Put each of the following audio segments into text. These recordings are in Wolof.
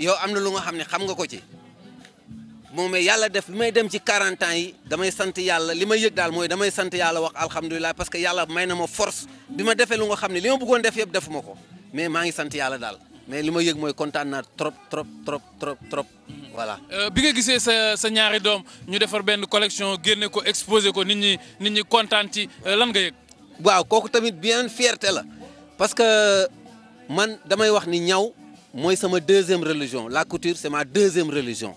yow am na lu nga xam ne xam nga ko ci moom mais yàlla def bi may dem ci 40 ans yi damay sant yàlla li may yëg daal mooy damay sant yàlla wax alhamdulilah parce que yàlla may na ma force bi ma defee lu nga xam ne li ma bëggoon def yëpp defuma ko mais maa ngi sant yàlla daal mais li ma yëg mooy kontaan naa trop trop trop trop trop voilà. Euh, bi nga gisee sa sa ñaari doom ñu defar benn collection génne ko exposé ko nit ñi nit ñi kontaan ci euh, lan nga yëg. waaw kooku tamit bien fierté la parce que man damay wax ni ñaw. Moi c'est ma deuxième religion la couture c'est ma deuxième religion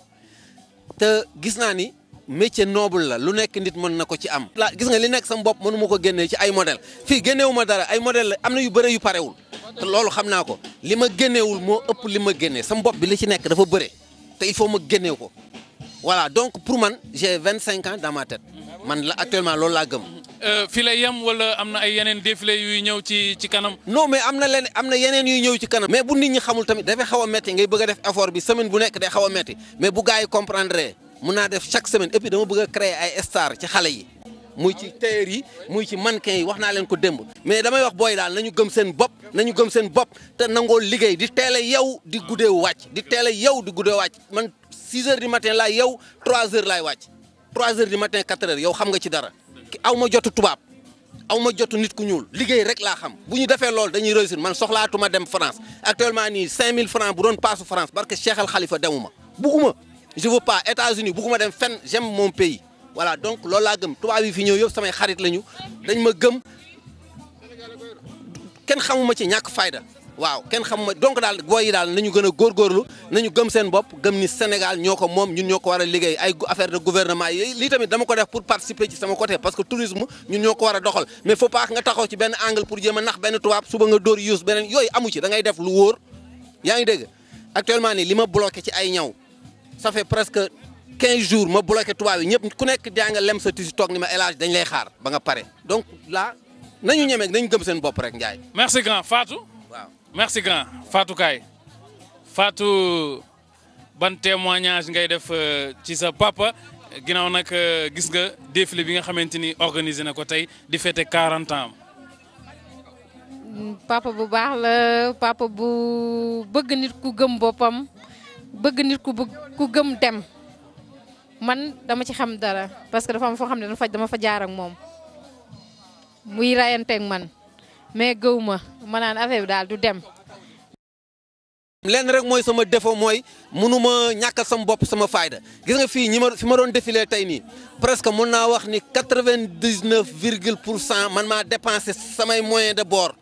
te gis na ni métier noble la lu nek nit mën na ci am. la gis nga li nek sama bop mënu ma ko ci ay modèle fii génneewu ma dara ay modèle amna yu bëre yu te lolu xamna ko lima ma génneewul moo ëpp lima ma génnee bop bi li ci nek dafa bëre te il faut ma génnee ko voilà donc pour man j'ai 25 ans dans ma tête man la actuellement lolu la gëm. Euh, fi lay yem wala am na ay yeneen défilé yuy ñëw ci ci kanam. non mais am na leen am na yeneen yuy ñëw ci kanam. mais bu nit ñi xamul tamit dafay xaw a metti ngay bëgg def effort bi semaine bu nekk day xaw a metti mais bu gars yi comprendre mun naa def chaque semaine et puis dama bëgg a créer ay star ci xale yi. muy ci tailleur yi muy ci mannequin yi wax naa leen ko démb. mais damay wax booy daal nañu gëm seen bopp nañu gëm seen bopp te nangoo liggéey di teela a yow di guddee wàcc di teel a yow di guddee wàcc man 6 heures du matin laay yow 3 heures laay wàcc 3 heures du matin 4 yow xam nga ci dara. jotu nit ku ñuul pas rek la xam buñu défé lool dañuy réussir man soxlaatuma dem France actuellement pas 5000 francs bu pas pas France barke Cheikh Je Khalifa demuma pas. je veux pas États-Unis dem j'aime mon pays voilà donc lool la gëm ça yi fi ñew yëpp samay xarit lañu dañ ma gëm ken xamuma ci ñak waaw kenn xam ma donc daal booy yi daal nañu gën a góorgóorlu nañu gëm seen bopp gëm ni Sénégal ñoo ko moom ñun ñoo ko war a liggéey ay affaire de gouvernement yi lii tamit dama ko def pour participer ci sama côté parce que tourisme ñun ñoo ko war a doxal mais faut pas nga taxaw ci benn angle pour jéem a nax benn tubaab suba nga dóor yuus beneen yooyu amu ci da ngay def lu wóor yaa ngi dégg actuellement nii li ma bloqué ci ay ñaw ça fait presque 15 jours ma bloqué tubaab yi ñëpp ku nekk jaa lem sa tisi toog ni ma élage dañ lay xaar ba nga pare donc là nañu ñemee nañu gëm seen bopp rek Ndiaye merci grand Fatou merci grand faatukaay Kaye Fatou ban témoignage ngay def euh, ci sa papa ginnaaw nag euh, gis nga défilé bi nga xamante ni organisé na ko tey di fêter 40 ans mm, papa bu baax la papa bu bëgg nit ku gëm boppam bëgg nit ku bëgg ku gëm dem man dama ci xam dara parce que dafa foo xam ne dafa dama fa jaar ak moom muy rayanteeg man. mais gëw ma ma naan bi daal du dem. lenn rek mooy sama défaut mooy mënuma ñàkkal sama bopp sama fayda gis nga fii ñi ma fi ma doon défilé tey nii presque mun naa wax ni quatre-vingt-dix-neuf virgule pour cent man maa dépensé samay moyen de bord.